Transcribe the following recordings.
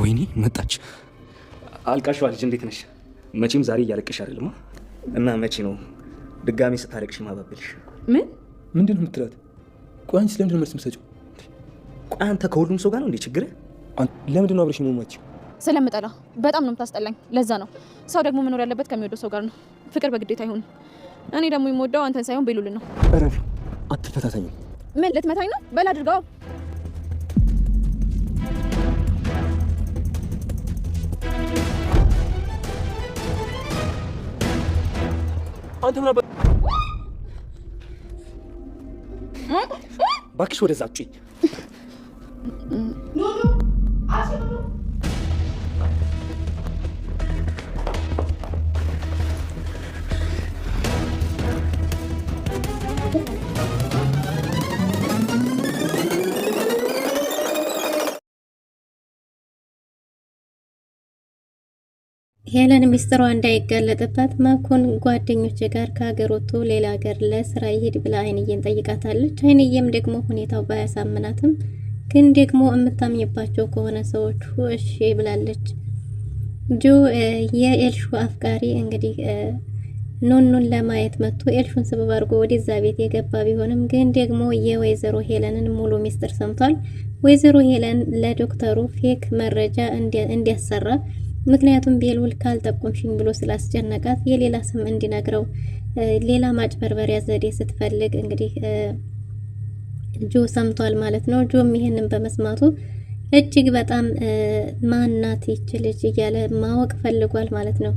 ወይኔ መጣች። አልቃሿ ልጅ እንዴት ነሽ? መቼም ዛሬ እያለቅሽ አይደለም። እና መቼ ነው ድጋሚ ስታለቅሽ ማባበልሽ? ምን ምንድን ነው የምትላት? ቆይ አንቺ ስለምንድን ነው መልስ የምትሰጪው? ቆይ አንተ ከሁሉም ሰው ጋር ነው እንዴ ችግር? ለምንድን ነው አብረሽ የምትሞማቸው? ስለምጠላ በጣም ነው የምታስጠላኝ። ለዛ ነው ሰው ደግሞ መኖር ያለበት ከሚወደው ሰው ጋር ነው። ፍቅር በግዴታ አይሆንም። እኔ ደግሞ የምወደው አንተን ሳይሆን ቤሉልን ነው። አትፈታተኝ። ምን ልትመታኝ ነው? በል አድርገው አንተ ምን እባክሽ ወደዛ ጩኝ ሄለን ሚስጥሯ እንዳይጋለጥባት መኩን ጓደኞች ጋር ከሀገር ወጥቶ ሌላ ሀገር ለስራ ይሄድ ብላ አይንዬን ጠይቃታለች። አይንዬም ደግሞ ሁኔታው ባያሳምናትም ግን ደግሞ የምታምኝባቸው ከሆነ ሰዎቹ እሺ ብላለች። ጆ የኤልሹ አፍቃሪ እንግዲህ ኑኑን ለማየት መጥቶ ኤልሹን ስበብ አድርጎ ወደዛ ቤት የገባ ቢሆንም ግን ደግሞ የወይዘሮ ሄለንን ሙሉ ሚስጥር ሰምቷል። ወይዘሮ ሄለን ለዶክተሩ ፌክ መረጃ እንዲያሰራ ምክንያቱም ቤሉል ካልጠቆምሽኝ ብሎ ስላስጨነቃት የሌላ ስም እንዲነግረው ሌላ ማጭበርበሪያ ዘዴ ስትፈልግ እንግዲህ ጆ ሰምቷል ማለት ነው። ጆም ይሄንን በመስማቱ እጅግ በጣም ማናት ይች ልጅ እያለ ማወቅ ፈልጓል ማለት ነው።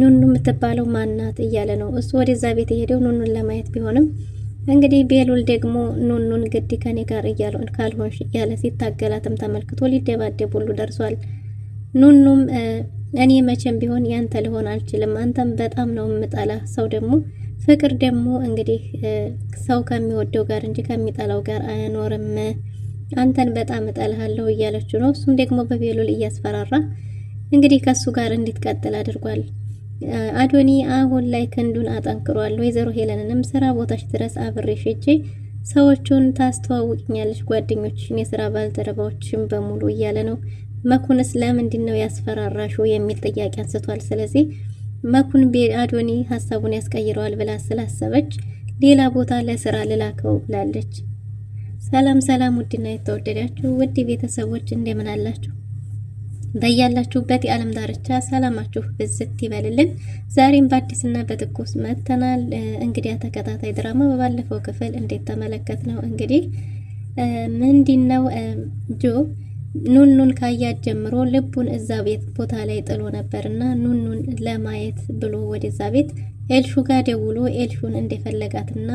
ኑኑ የምትባለው ማናት እያለ ነው እሱ ወደዛ ቤት የሄደው ኑኑን ለማየት ቢሆንም እንግዲህ ቤሉል ደግሞ ኑኑን ግድ ከኔ ጋር እያለ ካልሆንሽ እያለ ሲታገላትም ተመልክቶ ሊደባደብ ሁሉ ደርሷል። ኑኑም እኔ መቼም ቢሆን ያንተ ልሆን አልችልም፣ አንተም በጣም ነው የምጠላ ሰው ደግሞ ፍቅር ደግሞ እንግዲህ ሰው ከሚወደው ጋር እንጂ ከሚጠላው ጋር አይኖርም። አንተን በጣም እጠልሃለሁ እያለችው ነው። እሱም ደግሞ በቤሉል እያስፈራራ እንግዲህ ከሱ ጋር እንድትቀጥል አድርጓል። አዶኒ አሁን ላይ ክንዱን አጠንክሯል። ወይዘሮ ሄለንንም ስራ ቦታሽ ድረስ አብሬሽ ሂጄ ሰዎቹን ታስተዋውቅኛለች ጓደኞችሽን፣ የስራ ባልደረባዎችሽን በሙሉ እያለ ነው። መኩንስ ለምንድን ነው ያስፈራራሹ የሚል ጥያቄ አንስቷል። ስለዚህ መኩን አዶኒ ሀሳቡን ያስቀይረዋል ብላ ስላሰበች ሌላ ቦታ ለስራ ልላከው ብላለች። ሰላም ሰላም፣ ውድና የተወደዳችሁ ውድ ቤተሰቦች እንደምን አላችሁ? በያላችሁበት የዓለም ዳርቻ ሰላማችሁ ብዝት ይበልልን። ዛሬም በአዲስና በትኩስ መጥተናል። እንግዲያ ተከታታይ ድራማ በባለፈው ክፍል እንዴት ተመለከት ነው እንግዲህ ምንድን ነው ጆ ኑኑን ካያት ጀምሮ ልቡን እዛ ቤት ቦታ ላይ ጥሎ ነበር እና ኑኑን ለማየት ብሎ ወደዛ ቤት ኤልሹ ጋር ደውሎ ኤልሹን እንደፈለጋትና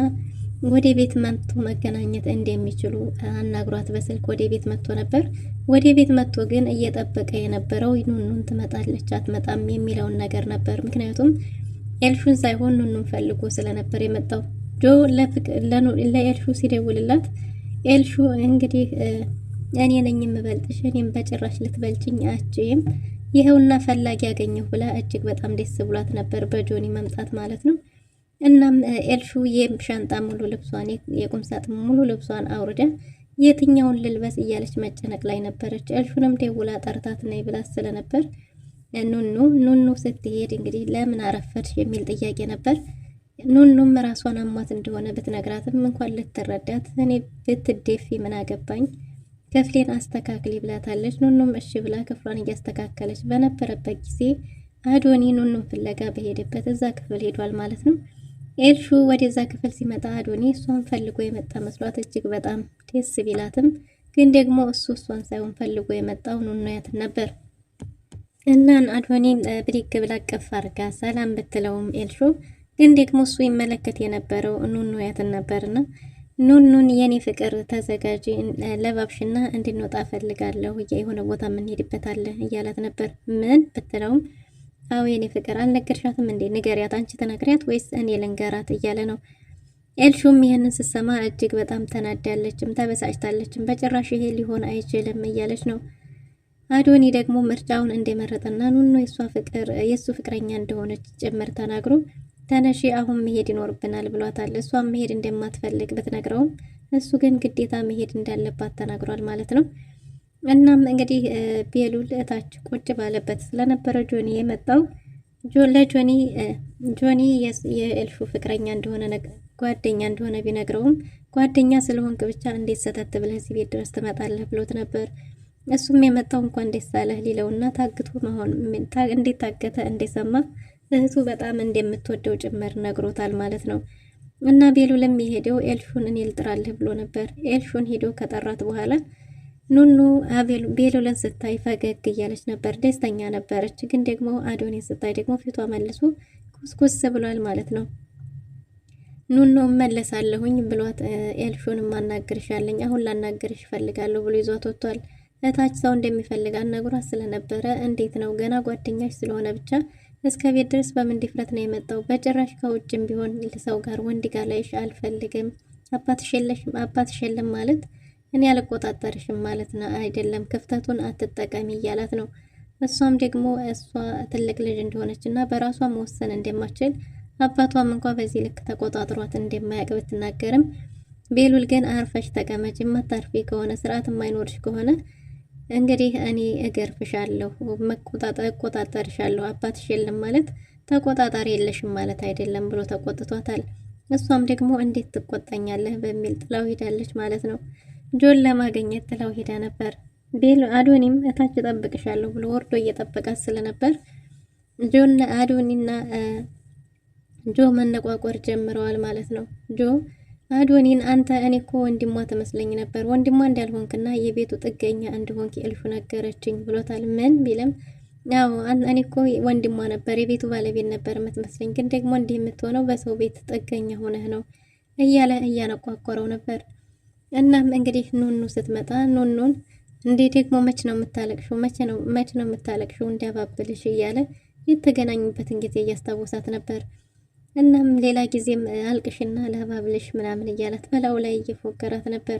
ወደ ቤት መጥቶ መገናኘት እንደሚችሉ አናግሯት በስልክ ወደ ቤት መጥቶ ነበር። ወደ ቤት መጥቶ ግን እየጠበቀ የነበረው ኑኑን ትመጣለች አትመጣም የሚለውን ነገር ነበር። ምክንያቱም ኤልሹን ሳይሆን ኑኑን ፈልጎ ስለነበር የመጣው ጆ ለኤልሹ ሲደውልላት ኤልሹ እንግዲህ እኔ ነኝ የምበልጥሽ፣ እኔም በጭራሽ ልትበልጭኝ አችም ይኸውና ፈላጊ ያገኘሁ ብላ እጅግ በጣም ደስ ብሏት ነበር፣ በጆኒ መምጣት ማለት ነው። እናም ኤልሹ የሻንጣ ሙሉ ልብሷን የቁም ሳጥን ሙሉ ልብሷን አውርዳ የትኛውን ልልበስ እያለች መጨነቅ ላይ ነበረች። ኤልሹንም ደውላ ጠርታት ነይ ብላት ስለነበር ኑኑ ኑኑ ስትሄድ እንግዲህ ለምን አረፈድሽ የሚል ጥያቄ ነበር። ኑኑም ራሷን አሟት እንደሆነ ብትነግራትም እንኳን ልትረዳት እኔ ብትደፊ ምን አገባኝ ክፍሌን አስተካክል ብላታለች። ኑኑም እሺ ብላ ክፍሏን እያስተካከለች በነበረበት ጊዜ አዶኒ ኑኑም ፍለጋ በሄደበት እዛ ክፍል ሄዷል ማለት ነው። ኤልሹ ወደዛ ክፍል ሲመጣ አዶኒ እሷን ፈልጎ የመጣ መስሏት እጅግ በጣም ደስ ቢላትም ግን ደግሞ እሱ እሷን ሳይሆን ፈልጎ የመጣው ኑኑያትን ነበር። እናን አዶኒ ብድግ ብላ ቅፍ አርጋ ሰላም ብትለውም ኤልሹ ግን ደግሞ እሱ ይመለከት የነበረው ኑኑያትን ነበርና ኑን ኑን የኔ ፍቅር ተዘጋጂ፣ ለባብሽና እንድንወጣ ፈልጋለሁ፣ የሆነ ቦታ የምንሄድበት አለ እያላት ነበር። ምን ብትለውም አዎ የኔ ፍቅር አልነገርሻትም እንዴ? ንገሪያት፣ አንቺ ተናግሪያት ወይስ እኔ ልንገራት እያለ ነው። ኤልሹም ይህንን ስሰማ እጅግ በጣም ተናዳለችም ተበሳጭታለችም። በጭራሽ ይሄ ሊሆን አይችልም እያለች ነው። አዶኒ ደግሞ ምርጫውን እንደመረጠና ኑኑ የእሷ ፍቅር የእሱ ፍቅረኛ እንደሆነች ጭምር ተናግሮ ተነሺ አሁን መሄድ ይኖርብናል ብሏታል። እሷም መሄድ እንደማትፈልግ ብትነግረውም እሱ ግን ግዴታ መሄድ እንዳለባት ተናግሯል ማለት ነው። እናም እንግዲህ ቤሉል እታች ቁጭ ባለበት ስለነበረ ጆኒ የመጣው ለጆኒ ጆኒ የእልፉ ፍቅረኛ እንደሆነ ጓደኛ እንደሆነ ቢነግረውም ጓደኛ ስለሆንክ ብቻ እንዴት ሰተት ብለህ እዚህ ቤት ድረስ ትመጣለህ ብሎት ነበር። እሱም የመጣው እንኳን እንዴት ሳለህ ሊለውና ታግቶ መሆን እንዴት ታገተ ሰማ። እህቱ በጣም እንደምትወደው ጭምር ነግሮታል ማለት ነው። እና ቤሉ ለሚሄደው ኤልሹን እኔ ልጥራልህ ብሎ ነበር። ኤልሹን ሄዶ ከጠራት በኋላ ኑኑ ቤሉልን ስታይ ፈገግ እያለች ነበር፣ ደስተኛ ነበረች። ግን ደግሞ አዶኔ ስታይ ደግሞ ፊቷ መልሶ ኩስኩስ ብሏል ማለት ነው። ኑኖ እመለሳለሁኝ ብሏት ኤልሹን ማናገርሻለኝ አሁን ላናገርሽ እፈልጋለሁ ብሎ ይዟት ወጥቷል። እታች ሰው እንደሚፈልጋት ነግሯት ስለነበረ እንዴት ነው ገና ጓደኛሽ ስለሆነ ብቻ እስከ ቤት ድረስ በምን ድፍረት ነው የመጣው? በጭራሽ ከውጭም ቢሆን ሰው ጋር ወንድ ጋር ላይሽ አልፈልግም። አባትሽ የለም ማለት እኔ አልቆጣጠርሽም ማለት ነው አይደለም። ክፍተቱን አትጠቀሚ እያላት ነው። እሷም ደግሞ እሷ ትልቅ ልጅ እንደሆነች እና በራሷ መወሰን እንደማችል አባቷም እንኳ በዚህ ልክ ተቆጣጥሯት እንደማያውቅ ብትናገርም ቤሉል ግን አርፈሽ ተቀመጭ፣ የማታርፊ ከሆነ ስርዓት የማይኖርሽ ከሆነ እንግዲህ እኔ እገርፍሻለሁ፣ እቆጣጠርሻለሁ፣ አባትሽ የለም ማለት ተቆጣጣሪ የለሽም ማለት አይደለም ብሎ ተቆጥቷታል። እሷም ደግሞ እንዴት ትቆጣኛለህ በሚል ጥላው ሄዳለች ማለት ነው። ጆን ለማግኘት ጥላው ሄዳ ነበር። ቤል አዶኒም እታች እጠብቅሻለሁ ብሎ ወርዶ እየጠበቃት ስለነበር ጆን አዶኒና ጆ መነቋቆር ጀምረዋል ማለት ነው ጆ አዶኒን አንተ እኔ እኮ ወንድሟ ትመስለኝ ነበር፣ ወንድሟ እንዳልሆንክና የቤቱ ጥገኛ እንደሆንክ እልፉ ነገረችኝ ብሎታል። ምን ቢለም ያው እኔ እኮ ወንድሟ ነበር፣ የቤቱ ባለቤት ነበር የምትመስለኝ፣ ግን ደግሞ እንዲህ የምትሆነው በሰው ቤት ጥገኛ ሆነህ ነው እያለ እያነቋቆረው ነበር። እናም እንግዲህ ኑኑ ስትመጣ ኑኑን እንዴ ደግሞ መች ነው የምታለቅሽው? መች ነው መች ነው የምታለቅሽው? እንዲያባብልሽ እያለ የተገናኙበትን ጊዜ እያስታወሳት ነበር። እናም ሌላ ጊዜም አልቅሽና ለባብልሽ ምናምን እያላት በላው ላይ እየፎገራት ነበር።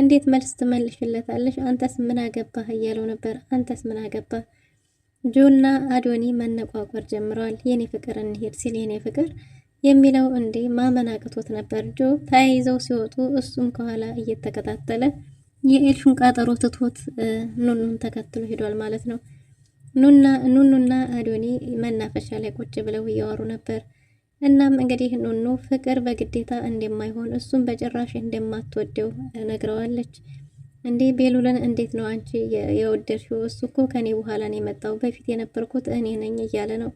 እንዴት መልስ ትመልሽለታለሽ? አንተስ ምን አገባህ እያለው ነበር። አንተስ ምን አገባህ? ጆና አዶኒ መነቋቆር ጀምረዋል። የኔ ፍቅር እንሄድ ሲል የኔ ፍቅር የሚለው እንዴ ማመን አቅቶት ነበር። ጆ ተያይዘው ሲወጡ እሱም ከኋላ እየተከታተለ የኤልሹን ቃጠሮ ትቶት ኑኑን ተከትሎ ሄዷል ማለት ነው። ኑና ኑኑና አዶኒ መናፈሻ ላይ ቁጭ ብለው እያወሩ ነበር። እናም እንግዲህ ኑኑ ፍቅር በግዴታ እንደማይሆን እሱም በጭራሽ እንደማትወደው ነግረዋለች። እንዴ ቤሉልን እንዴት ነው አንቺ የወደድሽው? እሱ እኮ ከኔ በኋላ ነው የመጣው፣ በፊት የነበርኩት እኔ ነኝ እያለ ነው።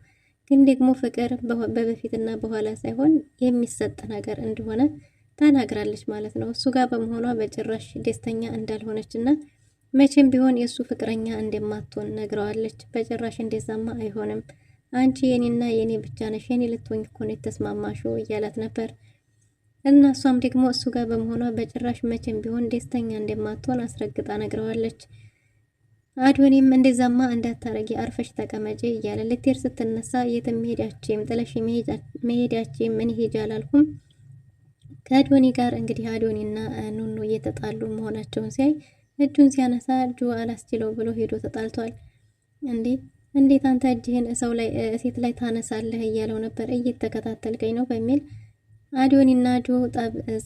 ግን ደግሞ ፍቅር በበፊትና በኋላ ሳይሆን የሚሰጥ ነገር እንደሆነ ተናግራለች ማለት ነው። እሱ ጋር በመሆኗ በጭራሽ ደስተኛ እንዳልሆነች እና መቼም ቢሆን የእሱ ፍቅረኛ እንደማትሆን ነግረዋለች። በጭራሽ እንደዛማ አይሆንም አንቺ የኔና የኔ ብቻ ነሽ፣ የኔ ልትሆኝ እኮ ነው የተስማማሽው እያላት ነበር። እና እሷም ደግሞ እሱ ጋር በመሆኗ በጭራሽ መቼም ቢሆን ደስተኛ እንደማትሆን አስረግጣ ነግረዋለች። አዶኔም እንደዛማ እንዳታረጊ አርፈሽ ተቀመጪ እያለ ልትሄድ ስትነሳ የትም መሄዳችም ጥለሽ መሄዳችም ምን ሄጃ አላልኩም። ከአዶኒ ጋር እንግዲህ አዶኒና ኑኑ እየተጣሉ መሆናቸውን ሲያይ እጁን ሲያነሳ እጁ አላስችለው ብሎ ሄዶ ተጣልቷል እንዴ እንዴት አንተ እጅህን እሰው ላይ ሴት ላይ ታነሳለህ እያለው ነበር። እየተከታተልከኝ ነው በሚል አዲዮኒና ጆ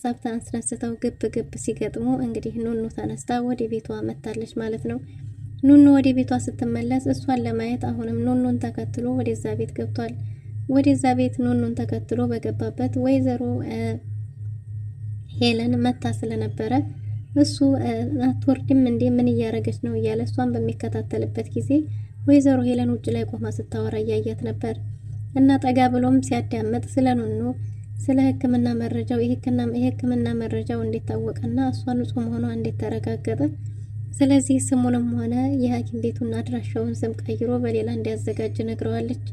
ጸብ አስነስተው ግብ ግብ ሲገጥሙ እንግዲህ ኑኑ ተነስታ ወደ ቤቷ መታለች ማለት ነው። ኑኑ ወደ ቤቷ ስትመለስ እሷን ለማየት አሁንም ኑኑን ተከትሎ ወደዛ ቤት ገብቷል። ወደዛ ቤት ኑኑን ተከትሎ በገባበት ወይዘሮ ሄለን መታ ስለነበረ እሱ አትወርድም እንዴ ምን እያደረገች ነው እያለ እሷን በሚከታተልበት ጊዜ ወይዘሮ ሄለን ውጭ ላይ ቆማ ስታወራ እያያት ነበር እና ጠጋ ብሎም ሲያዳምጥ ስለ ኑኑ ስለ ሕክምና መረጃው የሕክምና መረጃው እንዴት ታወቀና እሷ ንጹህ መሆኗ እንዴት ተረጋገጠ? ስለዚህ ስሙንም ሆነ የሐኪም ቤቱና አድራሻውን ስም ቀይሮ በሌላ እንዲያዘጋጅ ነግረዋለች።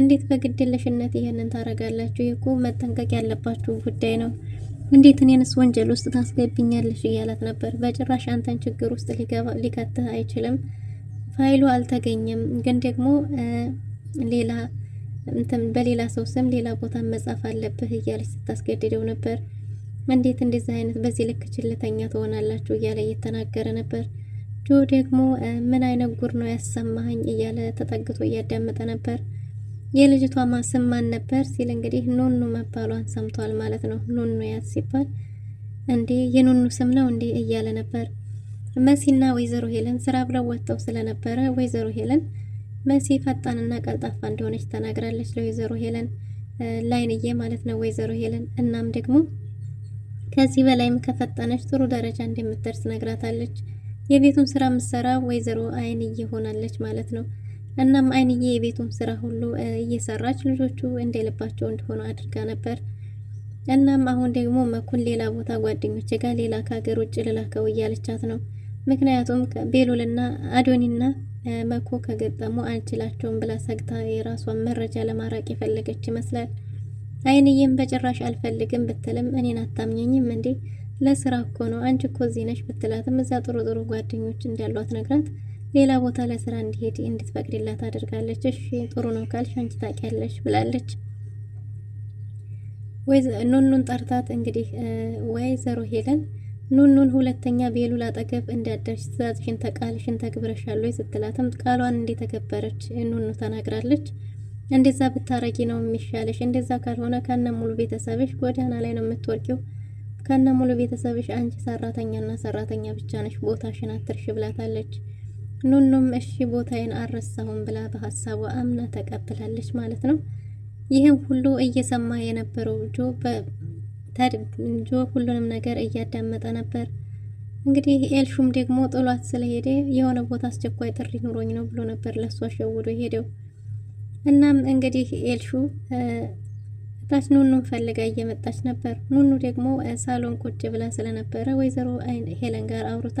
እንዴት በግድለሽነት ይህንን ታረጋላችሁ? ይህ እኮ መጠንቀቅ ያለባችሁ ጉዳይ ነው። እንዴት እኔንስ ወንጀል ውስጥ ታስገብኛለሽ? እያላት ነበር። በጭራሽ አንተን ችግር ውስጥ ሊከትህ አይችልም ፋይሉ አልተገኘም፣ ግን ደግሞ ሌላ እንትን በሌላ ሰው ስም ሌላ ቦታ መጻፍ አለብህ እያለች ስታስገድደው ነበር። እንዴት እንደዚህ አይነት በዚህ ልክ ችልተኛ ትሆናላችሁ እያለ እየተናገረ ነበር። ጆ ደግሞ ምን አይነት ጉር ነው ያሰማኸኝ እያለ ተጠግቶ እያዳመጠ ነበር። የልጅቷ ስም ማን ነበር ሲል እንግዲህ ኑኑ መባሏን ሰምቷል ማለት ነው። ኑኑ ያት ሲባል እንዴ የኑኑ ስም ነው እንዴ እያለ ነበር። መሲና ወይዘሮ ሄለን ስራ ብለው ወጥተው ስለነበረ ወይዘሮ ሄለን መሲ ፈጣንና ቀልጣፋ እንደሆነች ተናግራለች ለወይዘሮ ሄለን ላይንዬ ማለት ነው ወይዘሮ ሄለን እናም ደግሞ ከዚህ በላይም ከፈጠነች ጥሩ ደረጃ እንደምትደርስ ነግራታለች። የቤቱን ስራ ምሰራ ወይዘሮ አይንዬ ሆናለች ማለት ነው። እናም አይንዬ የቤቱን ስራ ሁሉ እየሰራች ልጆቹ እንደልባቸው እንደሆኑ አድርጋ ነበር። እናም አሁን ደግሞ መኩን ሌላ ቦታ ጓደኞች ጋር ሌላ ከሀገር ውጭ ልላከው እያለቻት ነው። ምክንያቱም ቤሉልና አዶኒና መኮ ከገጠሙ አልችላቸውም ብላ ሰግታ የራሷን መረጃ ለማራቅ የፈለገች ይመስላል። አይንዬም በጭራሽ አልፈልግም ብትልም እኔን አታምኘኝም እንዴ ለስራ እኮ ነው አንቺ እኮ እዚህ ነሽ ብትላትም እዛ ጥሩ ጥሩ ጓደኞች እንዳሏት ነግራት ሌላ ቦታ ለስራ እንዲሄድ እንድትፈቅድላት አድርጋለች። እሺ ጥሩ ነው ካልሽ አንቺ ታውቂያለሽ ብላለች። ኑኑን ጠርታት እንግዲህ ወይዘሮ ሄለን ኑኑን ሁለተኛ ቤሉል አጠገብ እንዳደርሽ ትእዛዝሽን ተቃልሽን ተግብረሻል ወይ ስትላትም ቃሏን እንደተከበረች ኑኑ ተናግራለች። እንደዛ ብታረጊ ነው የሚሻለሽ፣ እንደዛ ካልሆነ ከነ ሙሉ ቤተሰብሽ ጎዳና ላይ ነው የምትወርቂው። ከነ ሙሉ ቤተሰብሽ አንቺ ሰራተኛና ሰራተኛ ብቻ ነሽ፣ ቦታሽን አትርሽ ብላታለች። ኑኑም እሺ ቦታዬን አልረሳሁም ብላ በሀሳቧ አምና ተቀብላለች ማለት ነው። ይህም ሁሉ እየሰማ የነበረው ጆ ጆ ሁሉንም ነገር እያዳመጠ ነበር። እንግዲህ ኤልሹም ደግሞ ጥሏት ስለሄደ የሆነ ቦታ አስቸኳይ ጥሪ ኑሮኝ ነው ብሎ ነበር ለሱ አሸውዶ ሄደው። እናም እንግዲህ ኤልሹ ታች ኑኑን ፈልጋ እየመጣች ነበር። ኑኑ ደግሞ ሳሎን ቁጭ ብላ ስለነበረ ወይዘሮ ሄለን ጋር አውርታ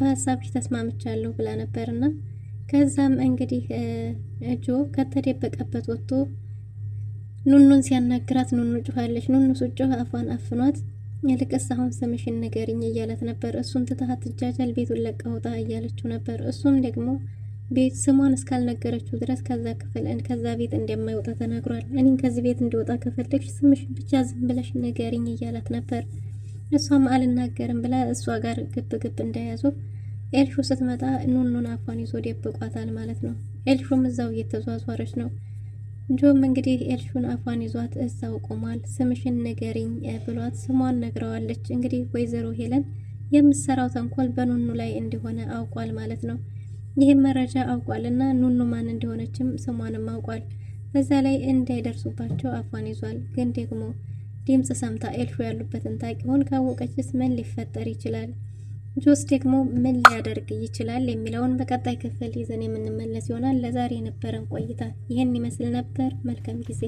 በሀሳብሽ ተስማምቻለሁ ብላ ነበርና ከዛም እንግዲህ ጆ ከተደበቀበት ወጥቶ ኑኑን ሲያናግራት ኑኑ ጩኻለች። ኑኑ ስትጮህ አፏን አፍኗት የልቅስ አሁን ስምሽን ንገሪኝ እያላት ነበር። እሱም ትተሃት ትጃጃል ቤቱን ለቃ ውጣ እያለችው ነበር። እሱም ደግሞ ቤት ስሟን እስካልነገረችው ድረስ ከዛ ክፍል ከዛ ቤት እንደማይወጣ ተናግሯል። እኔም ከዚህ ቤት እንዲወጣ ከፈለግሽ ስምሽን ብቻ ዝም ብለሽ ንገሪኝ እያላት ነበር። እሷም አልናገርም ብላ እሷ ጋር ግብ ግብ እንደያዙ ኤልሹ ስትመጣ ኑኑን አፏን ይዞ ደብቋታል ማለት ነው። ኤልሹም እዛው እየተዟዟረች ነው። እንዲሁም እንግዲህ ኤልሹን አፏን ይዟት እዛው ቆሟል። ስምሽን ንገሪኝ ብሏት ስሟን ነግረዋለች። እንግዲህ ወይዘሮ ሄለን የምትሰራው ተንኮል በኑኑ ላይ እንደሆነ አውቋል ማለት ነው። ይህም መረጃ አውቋል እና ኑኑ ማን እንደሆነችም ስሟንም አውቋል። በዛ ላይ እንዳይደርሱባቸው አፏን ይዟል። ግን ደግሞ ድምፅ ሰምታ ኤልሹ ያሉበትን ታቂ ሆን ካወቀችስ ምን ሊፈጠር ይችላል? ጆስ ደግሞ ምን ሊያደርግ ይችላል የሚለውን በቀጣይ ክፍል ይዘን የምንመለስ ይሆናል። ለዛሬ የነበረን ቆይታ ይህን ይመስል ነበር። መልካም ጊዜ